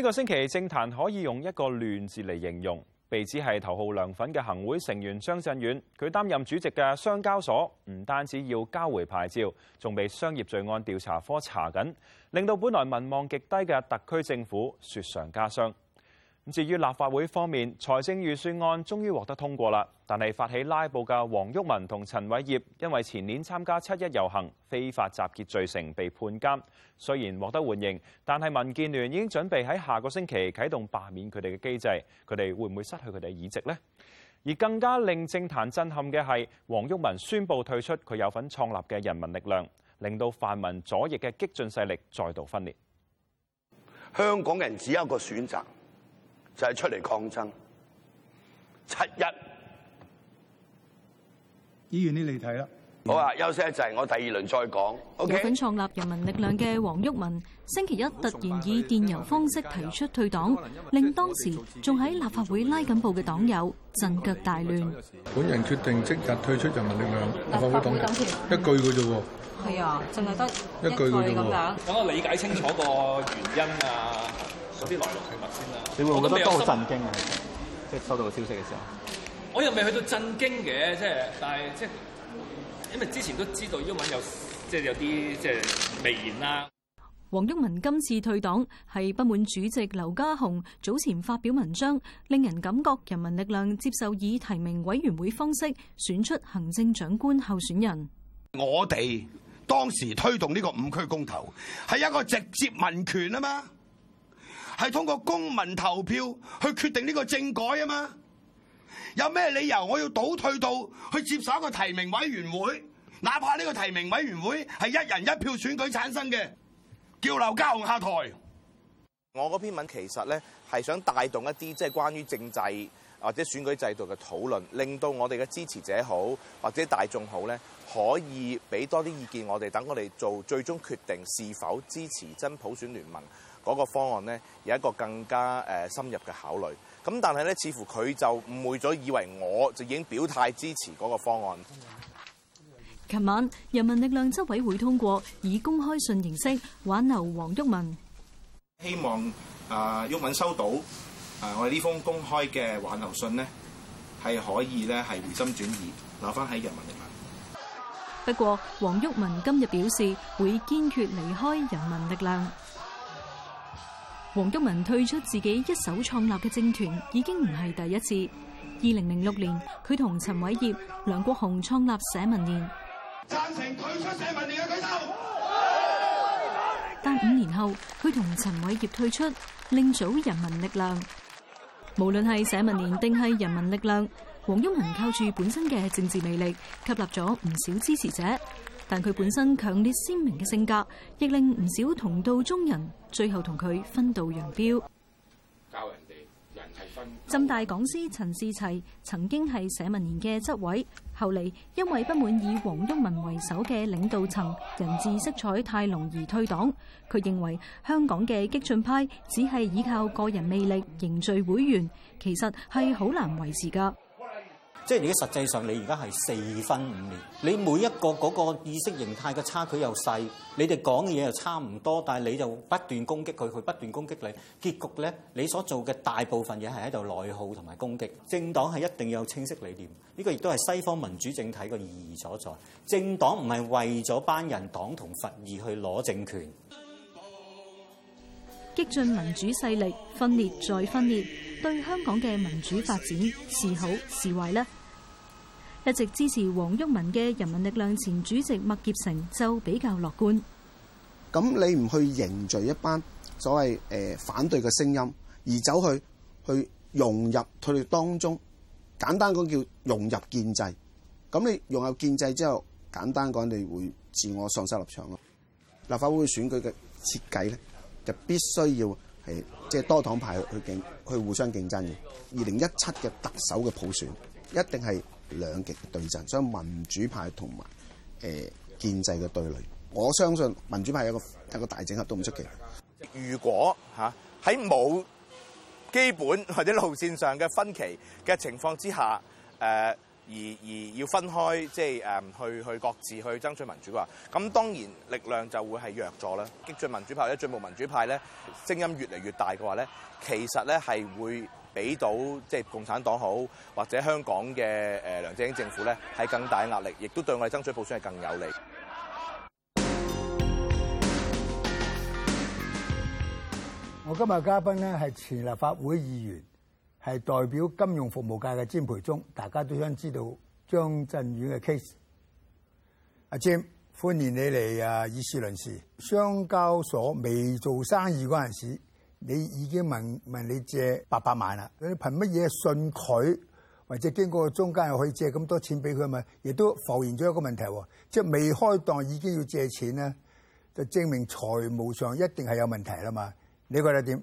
呢個星期政壇可以用一個亂字嚟形容，被指係頭號梁粉嘅行會成員張震遠，佢擔任主席嘅商交所，唔單止要交回牌照，仲被商業罪案調查科查緊，令到本來民望極低嘅特區政府雪上加霜。至於立法會方面，財政預算案終於獲得通過啦。但係發起拉布嘅黃毓民同陳偉業，因為前年參加七一遊行，非法集結罪成被判監。雖然獲得緩刑，但係民建聯已經準備喺下個星期啟動罷免佢哋嘅機制。佢哋會唔會失去佢哋嘅議席呢？而更加令政壇震撼嘅係，黃毓民宣布退出佢有份創立嘅人民力量，令到泛民左翼嘅激進勢力再度分裂。香港人只有個選擇，就係出嚟抗爭。七一，依樣啲你睇啦。好啊，休息一陣，我第二輪再講。有份創立人民力量嘅黃毓民，星期一突然以電郵方式提出退黨，令當時仲喺立法會拉緊布嘅黨友陣腳大亂。本人決定即日退出人民力量立法會黨團，一句嘅啫喎。係啊，淨係得一句嘅啫喎。等我理解清楚個原因啊！嗰啲來龍去脈先啦。你會唔會覺得都好震驚啊？即係收到消息嘅時候，我又未去到震驚嘅，即、就、係、是、但係即係因為之前都知道毓民有即係、就是、有啲即係微言啦、啊。黃毓民今次退黨係不滿主席劉嘉鴻早前發表文章，令人感覺人民力量接受以提名委員會方式選出行政長官候選人。我哋當時推動呢個五區公投係一個直接民權啊嘛。係通過公民投票去決定呢個政改啊嘛，有咩理由我要倒退到去接受一個提名委員會？哪怕呢個提名委員會係一人一票選舉產生嘅，叫劉家雄下台。我嗰篇文其實呢係想帶動一啲即係關於政制或者選舉制度嘅討論，令到我哋嘅支持者好或者大眾好呢，可以俾多啲意見我哋，等我哋做最終決定是否支持真普選聯盟。嗰、那個方案呢，有一個更加誒深入嘅考慮。咁但係呢，似乎佢就誤會咗，以為我就已經表態支持嗰個方案。琴晚人民力量執委會通過以公開信形式挽留黃毓民，希望啊、呃，毓民收到啊、呃，我哋呢封公開嘅挽留信呢，係可以呢，係回心轉意，留翻喺人民力量。不過，黃毓民今日表示會堅決離開人民力量。黃毓民退出自己一手創立嘅政團已經唔係第一次。二零零六年，佢同陳偉業、梁國雄創立社民連，贊成退出社民連嘅舉手。但五年後，佢同陳偉業退出，另組人民力量。無論係社民連定係人民力量，黃毓民靠住本身嘅政治魅力，吸納咗唔少支持者。但佢本身強烈鮮明嘅性格，亦令唔少同道中人最後同佢分道揚鑣。浸大講師陳士齊曾經係社民連嘅執委，後嚟因為不滿以黃毓民為首嘅領導層人治色彩太濃而退黨。佢認為香港嘅激進派只係依靠個人魅力凝聚會員，其實係好難維持㗎。即係而家實際上，你而家係四分五裂。你每一個嗰個意識形態嘅差距又細，你哋講嘅嘢又差唔多，但係你就不斷攻擊佢，佢不斷攻擊你，結局咧，你所做嘅大部分嘢係喺度內耗同埋攻擊。政黨係一定要有清晰理念，呢個亦都係西方民主政體嘅意義所在。政黨唔係為咗班人黨同佛而去攞政權。激進民主勢力分裂再分裂，對香港嘅民主發展是好是壞咧？一直支持黃毓民嘅人民力量前主席麥業成就比較樂觀，咁你唔去凝聚一班所謂誒、呃、反對嘅聲音，而走去去融入佢哋當中，簡單講叫融入建制。咁你融入建制之後，簡單講，你會自我喪失立場咯。立法會選舉嘅設計咧，就必須要係，即係多黨派去競去互相競爭嘅。二零一七嘅特首嘅普選一定係。兩極對陣，所以民主派同埋誒建制嘅對壘，我相信民主派有個有個大整合都唔出奇。如果嚇喺冇基本或者路線上嘅分歧嘅情況之下，誒、呃、而而要分開，即係誒去去各自去爭取民主嘅話，咁當然力量就會係弱咗啦。激進民主派或者進步民主派咧，聲音越嚟越大嘅話咧，其實咧係會。俾到即係、就是、共產黨好，或者香港嘅誒梁振英政府咧，係更大壓力，亦都對我哋爭取普選係更有利的。我今日的嘉賓咧係前立法會議員，係代表金融服務界嘅詹培忠。大家都想知道張震遠嘅 case。阿詹，i 歡迎你嚟啊！以事論事，商交所未做生意嗰陣時，你已經問問你借八百萬啦，你憑乜嘢信佢，或者經過中間又可以借咁多錢俾佢啊嘛？亦都浮現咗一個問題喎，即係未開檔已經要借錢咧，就證明財務上一定係有問題啦嘛？你覺得點？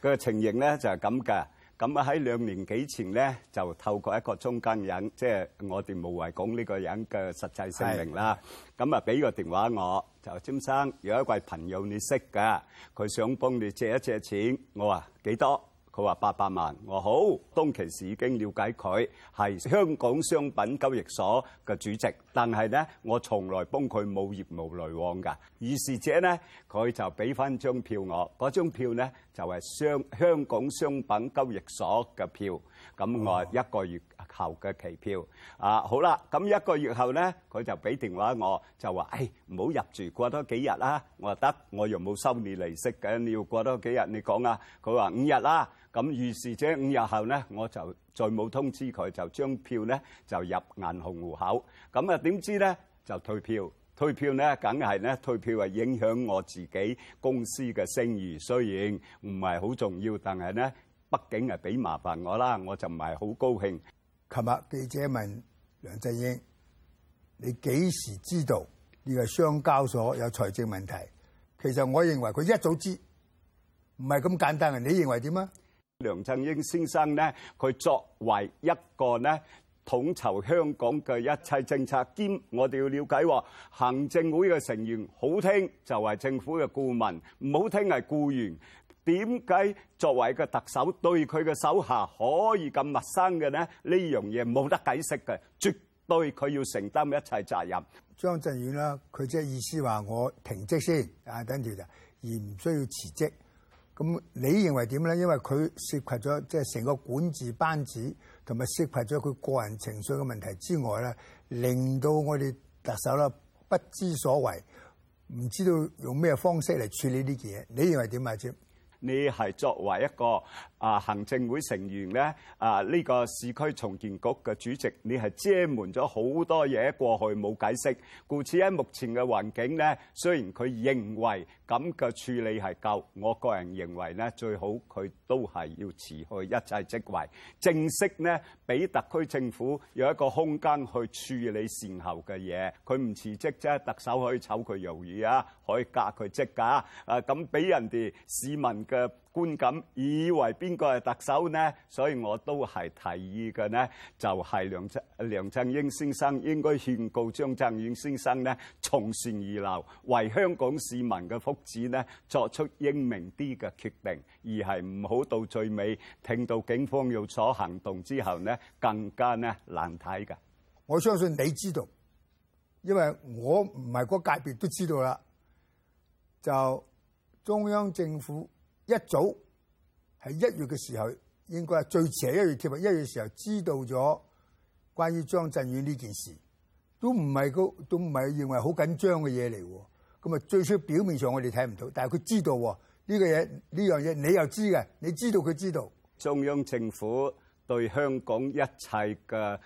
個情形咧就係咁㗎，咁啊喺兩年幾前咧就透過一個中間人，即係我哋無謂講呢個人嘅實際姓名啦，咁啊俾個電話我。劉先生有一位朋友你識㗎，佢想幫你借一借錢，我話幾多？佢話八百萬，我好。當其時已經瞭解佢係香港商品交易所嘅主席，但係咧我從來幫佢冇業務來往㗎。於是者咧，佢就俾翻張票我，嗰張票咧就係商香港商品交易所嘅票，咁我一個月後嘅期票啊，好啦，咁一個月後咧，佢就俾電話我，就話：誒唔好入住，過多幾日啦。我話得，我又冇收你利息嘅，你要過多幾日你講啊。佢話五日啦，咁於是者五日後咧，我就再冇通知佢，就將票咧就入銀行戶口。咁啊點知咧就退票，退票咧梗係咧退票係，影響我自己公司嘅聲譽，雖然唔係好重要，但係咧畢竟係俾麻煩我啦，我就唔係好高興。琴日記者問梁振英：你幾時知道呢個商交所有財政問題？其實我認為佢一早知，唔係咁簡單嘅。你認為點啊？梁振英先生咧，佢作為一個咧統籌香港嘅一切政策，兼我哋要了解話，行政會嘅成員好聽就係政府嘅顧問，唔好聽係僱員。點解作為個特首對佢嘅手下可以咁陌生嘅咧？呢樣嘢冇得解釋嘅，絕對佢要承擔一切責任。張震遠啦，佢即係意思話我停職先啊，等住就而唔需要辭職。咁你認為點咧？因為佢涉及咗即係成個管治班子，同埋涉及咗佢個人情緒嘅問題之外咧，令到我哋特首咧不知所謂，唔知道用咩方式嚟處理呢件嘢。你認為點啊？先？你係作為一個啊，行政會成員咧，啊呢個市區重建局嘅主席，你係遮瞞咗好多嘢過去冇解釋，故此喺目前嘅環境咧，雖然佢認為咁嘅處理係夠，我個人認為咧，最好佢都係要辭去一切職位，正式咧俾特區政府有一個空間去處理善後嘅嘢，佢唔辭職啫，特首可以炒佢魷魚啊，可以革佢職㗎，啊咁俾人哋市民嘅觀感，以為邊個係特首呢？所以我都係提議嘅呢，就係、是、梁振梁振英先生應該勸告張振遠先生呢，從善而流，為香港市民嘅福祉呢，作出英明啲嘅決定，而係唔好到最尾聽到警方有所行動之後呢，更加呢難睇㗎。我相信你知道，因為我唔係個界別都知道啦，就中央政府。一早喺一月嘅時候，應該係最遲係一月貼，一月嘅時候知道咗關於張震遠呢件事，都唔係都唔係認為好緊張嘅嘢嚟。咁啊，最初表面上我哋睇唔到，但係佢知道呢個嘢，呢樣嘢你又知嘅，你知道佢知道。中央政府。對香港一切嘅誒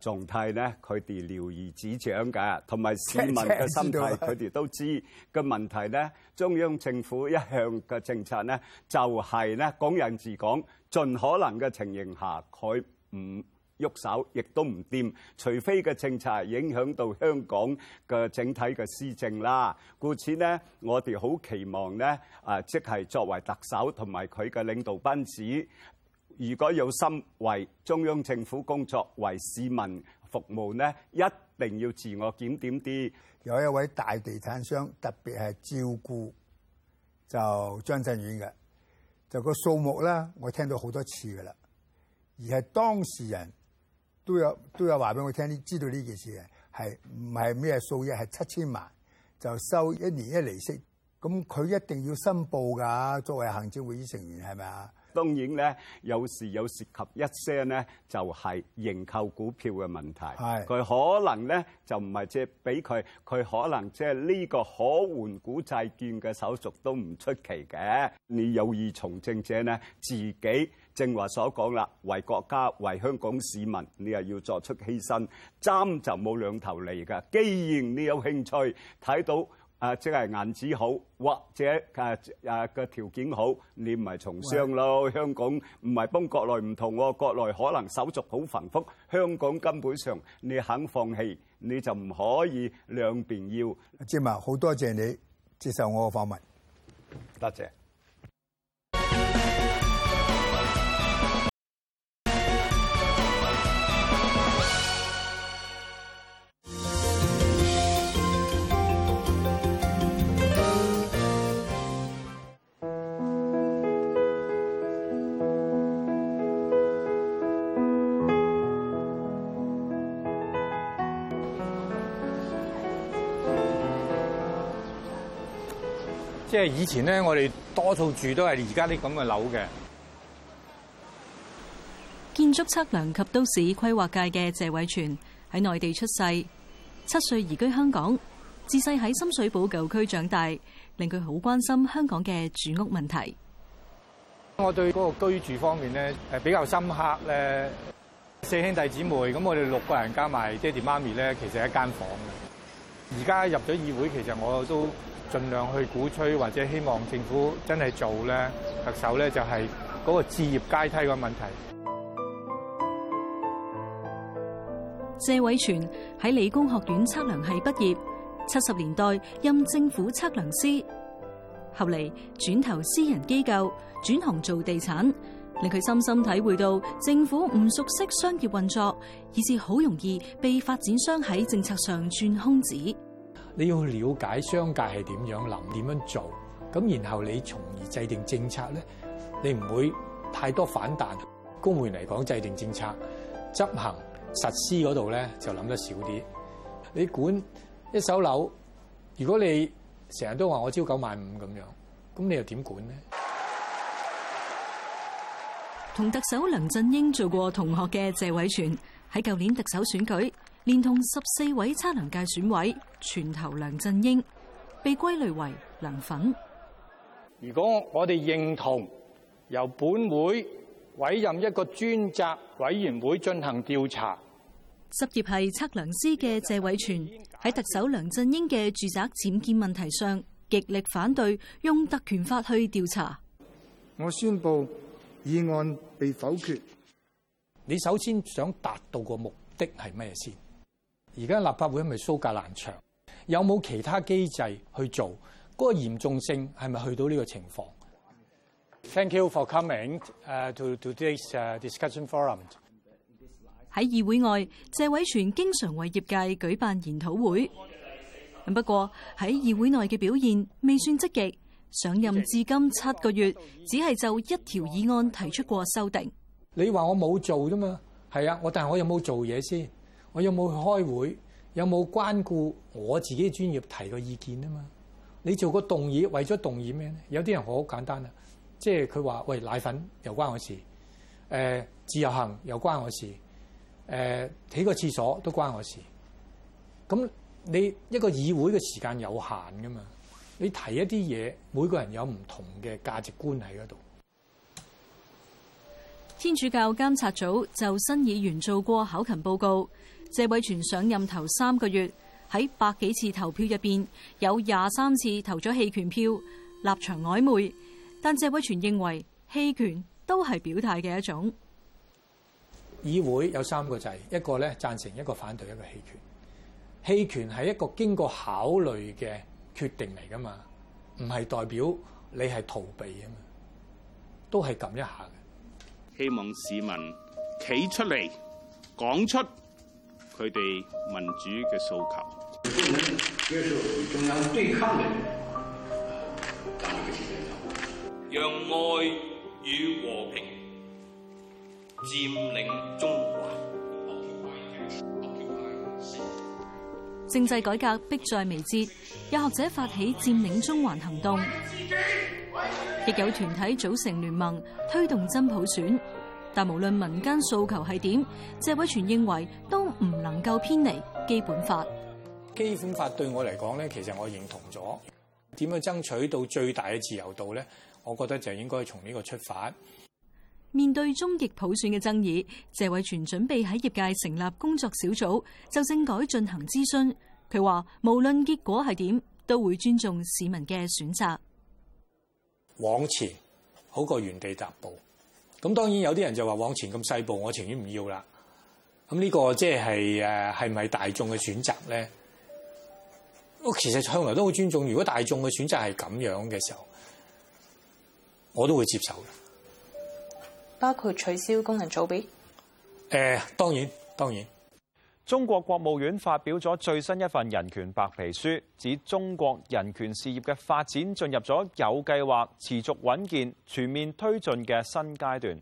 狀態咧，佢哋了如指掌㗎，同埋市民嘅心態，佢哋都知嘅問題咧。中央政府一向嘅政策咧，就係咧港人治港，盡可能嘅情形下，佢唔喐手，亦都唔掂，除非嘅政策影響到香港嘅整體嘅施政啦。故此咧，我哋好期望咧，誒即係作為特首同埋佢嘅領導班子。如果有心為中央政府工作，為市民服務咧，一定要自我檢點啲。有一位大地產商特別係照顧就張震遠嘅，就個數目啦，我聽到好多次噶啦。而係當事人都有都有話俾我聽，知道呢件事啊，係唔係咩數額係七千萬就收一年一利息。咁佢一定要申報噶，作為行政會議成員，係咪啊？當然咧，有時有涉及一些咧，就係、是、認購股票嘅問題。係佢可能咧就唔係借俾佢，佢可能即係呢個可換股債券嘅手續都唔出奇嘅。你有意從政者咧，自己正話所講啦，為國家、為香港市民，你又要作出犧牲，爭就冇兩頭利㗎。既然你有興趣睇到。啊，即係銀紙好，或者誒誒嘅條件好，你唔係從商咯，香港唔係幫國內唔同喎，國內可能手續好繁複，香港根本上你肯放棄，你就唔可以兩邊要。詹生，好多謝你接受我嘅訪問，多謝。即係以前咧，我哋多數住都係而家啲咁嘅樓嘅。建築測量及都市規劃界嘅謝偉銓喺內地出世，七歲移居香港，自細喺深水埗舊區長大，令佢好關心香港嘅住屋問題。我對嗰個居住方面咧，係比較深刻咧。四兄弟姊妹咁，我哋六個人加埋爹哋媽咪咧，其實一間房嘅。而家入咗議會，其實我都。盡量去鼓吹或者希望政府真係做咧，特首咧就係嗰個置業階梯個問題。謝偉銓喺理工學院測量系畢業，七十年代任政府測量師，後嚟轉投私人機構，轉行做地產，令佢深深體會到政府唔熟悉商業運作，以致好容易被發展商喺政策上鑽空子。你要去了解商界係點樣諗，點樣做，咁然後你從而制定政策咧，你唔會太多反彈。公務員嚟講，制定政策、執行、實施嗰度咧，就諗得少啲。你管一手樓，如果你成日都話我朝九晚五咁樣，咁你又點管咧？同特首梁振英做過同學嘅謝偉銓喺舊年特首選舉。連同十四位測量界選委，全投梁振英，被歸類為梁粉。如果我哋認同由本會委任一個專責委員會進行調查，執業係測量師嘅謝偉銓喺特首梁振英嘅住宅僭建問題上，極力反對用特權法去調查。我宣布議案被否決。你首先想達到個目的係咩先？而家立法會係咪蘇格蘭場？有冇其他機制去做？嗰個嚴重性係咪去到呢個情況？Thank you for coming to today's discussion forum。喺議會外，謝偉銓經常為業界舉辦研討會。不過喺議會內嘅表現未算積極。上任至今七個月，只係就一條議案提出過修訂。你話我冇做啫嘛？係啊，我但係我有冇做嘢先？我有冇去開會，有冇關顧我自己專業提個意見啊嘛？你做個動議，為咗動議咩咧？有啲人好簡單啊，即係佢話：喂，奶粉又關我事，誒、呃，自由行又關我事，誒、呃，起個廁所都關我事。咁你一個議會嘅時間有限噶嘛？你提一啲嘢，每個人有唔同嘅價值觀喺嗰度。天主教監察組就新議員做過考勤報告。謝偉全上任頭三個月喺百幾次投票入邊，有廿三次投咗棄權票，立場曖昧。但謝偉銓認為棄權都係表態嘅一種。議會有三個掣，一個咧贊成，一個反對，一個棄權。棄權係一個經過考慮嘅決定嚟噶嘛，唔係代表你係逃避啊嘛，都係撳一下。希望市民企出嚟講出佢哋民主嘅訴求，接受與中央對抗嘅讓愛與和平佔領中環。政制改革迫在眉睫，有學者發起佔領中環行動，亦有團體組成聯盟推動真普選。但無論民間訴求係點，謝偉銓認為都唔能夠偏離基本法。基本法對我嚟講咧，其實我認同咗。點樣爭取到最大嘅自由度呢？我覺得就應該從呢個出發。面對終極普選嘅爭議，謝偉銓準備喺業界成立工作小組就政改進行諮詢。佢話無論結果係點，都會尊重市民嘅選擇。往前好過原地踏步。咁當然有啲人就話往前咁細步，我情願唔要啦。咁呢個即係誒係咪大眾嘅選擇咧？我其實向來都好尊重。如果大眾嘅選擇係咁樣嘅時候，我都會接受嘅。包括取消功能組別？誒、呃，當然當然。中國國務院發表咗最新一份人權白皮書，指中國人權事業嘅發展進入咗有計劃、持續穩健、全面推進嘅新階段。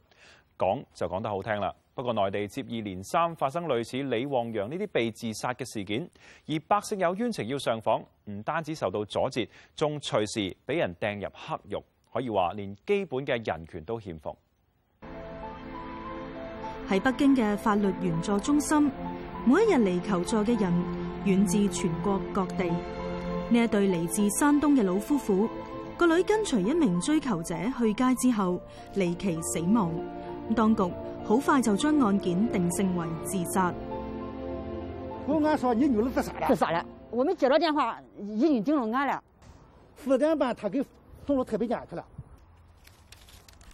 講就講得好聽啦，不過內地接二連三發生類似李旺陽呢啲被自殺嘅事件，而百姓有冤情要上訪，唔單止受到阻截，仲隨時俾人掟入黑獄，可以話連基本嘅人權都欠奉。喺北京嘅法律援助中心，每一日嚟求助嘅人遠至全國各地。呢一對嚟自山東嘅老夫婦，個女跟隨一名追求者去街之後，離奇死亡。當局好快就將案件定性為自殺。我說，你女兒自殺啦！自殺啦！我們接到電話，已經定了案啦。四點半，他給送到太平間去了。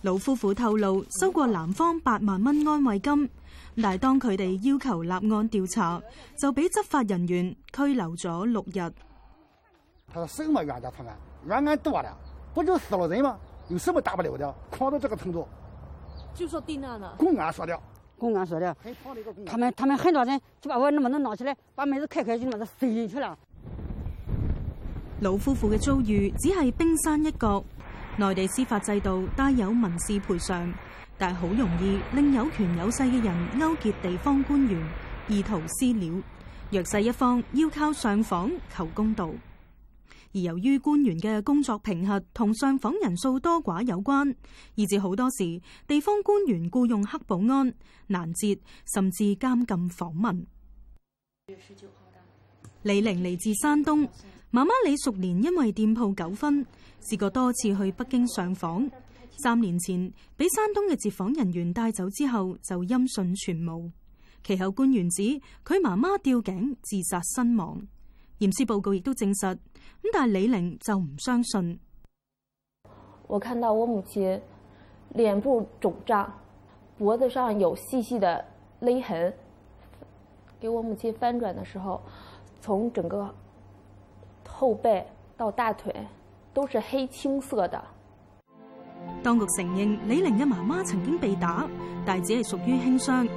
老夫婦透露收過男方八萬蚊安慰金。但係當佢哋要求立案調查，就俾執法人員拘留咗六日。他說什麼冤假錯案？冤案多了，不就死了人嗎？有什麼大不了的？狂到這個程度？就說呢？公安說的。公安說的。他們他們很多人就把我那麼能拿起來，把門子開開就那麼塞進去了。老夫婦嘅遭遇只係冰山一角。內地司法制度帶有民事賠償，但係好容易令有權有勢嘅人勾結地方官員，意圖私了。弱勢一方要靠上訪求公道，而由於官員嘅工作評核同上訪人數多寡有關，以致好多時地方官員僱傭黑保安攔截，甚至監禁訪民。李玲嚟自山東。媽媽李淑蓮因為店鋪糾紛試過多次去北京上訪，三年前俾山東嘅接訪人員帶走之後就音訊全無。其後官員指佢媽媽吊頸自殺身亡，驗屍報告亦都證實。咁但係李玲就唔相信。我看到我母親臉部腫脹，脖子上有細細的勒痕。給我母親翻轉的時候，從整個。後背到大腿都是黑青色的。當局承認李玲嘅媽媽曾經被打，但只係屬於輕傷。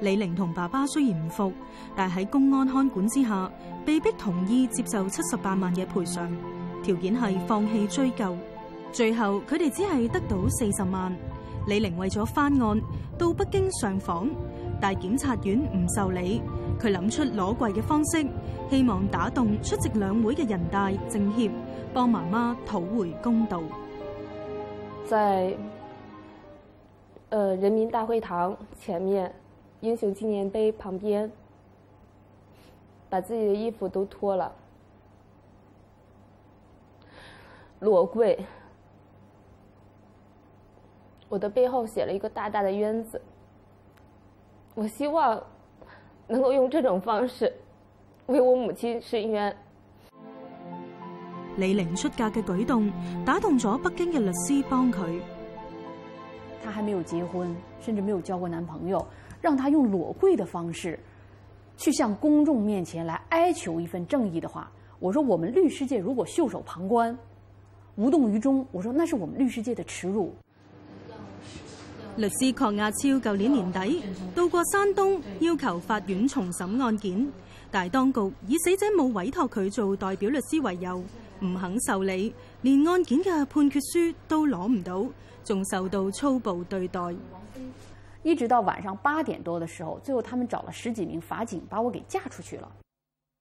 李玲同爸爸雖然唔服，但喺公安看管之下，被迫同意接受七十八萬嘅賠償，條件係放棄追究。最後佢哋只係得到四十萬。李玲為咗翻案到北京上訪，但檢察院唔受理。佢諗出裸跪嘅方式，希望打動出席兩會嘅人大政協，幫媽媽討回公道。在，呃，人民大會堂前面，英雄紀念碑旁邊，把自己的衣服都脱了，裸跪。我的背後寫了一個大大的冤字。我希望。能夠用這種方式為我母親伸冤。李玲出嫁的舉動打動了北京的律師幫她。她還沒有結婚，甚至沒有交過男朋友，讓她用裸跪的方式去向公眾面前來哀求一份正義的話，我說我們律師界如果袖手旁觀、無動於衷，我說那是我們律師界的恥辱。律師鄺亞超舊年年底到過山東，要求法院重審案件，但係當局以死者冇委託佢做代表律師為由，唔肯受理，連案件嘅判決書都攞唔到，仲受到粗暴對待。一直到晚上八點多嘅時候，最後他們找了十幾名法警，把我給架出去了。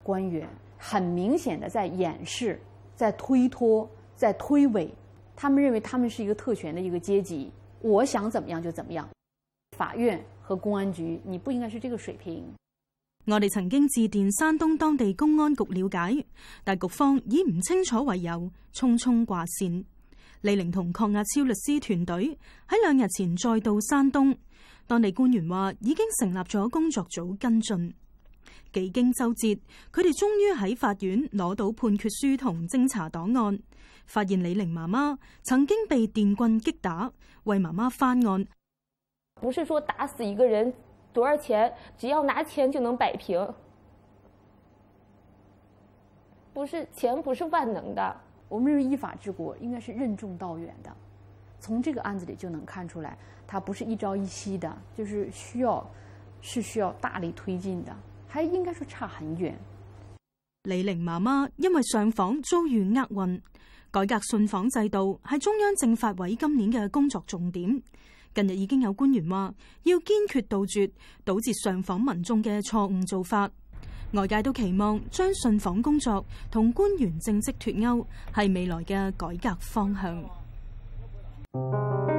官員很明顯的在掩飾、在推脱、在推諉，他們認為他們是一個特權的一個階級。我想怎麼樣就怎麼樣，法院和公安局，你不應該是這個水平。我哋曾經致電山東當地公安局了解，但局方以唔清楚為由，匆匆掛線。李凌同鄺亞超律師團隊喺兩日前再到山東，當地官員話已經成立咗工作組跟進。幾經周折，佢哋終於喺法院攞到判決書同偵查檔案，發現李玲媽媽曾經被電棍擊打，為媽媽翻案。不是說打死一個人多少錢，只要拿錢就能擺平，不是錢不是萬能的。我們認為依法治國應該是任重道遠的，從這個案子裏就能看出來，他不是一朝一夕的，就是需要是需要大力推進的。係，應該說差很遠。李玲媽媽因為上訪遭遇厄運，改革信訪制度係中央政法委今年嘅工作重點。近日已經有官員話，要堅決杜絕堵截上訪民眾嘅錯誤做法。外界都期望將信訪工作同官員政績脱鈎係未來嘅改革方向。嗯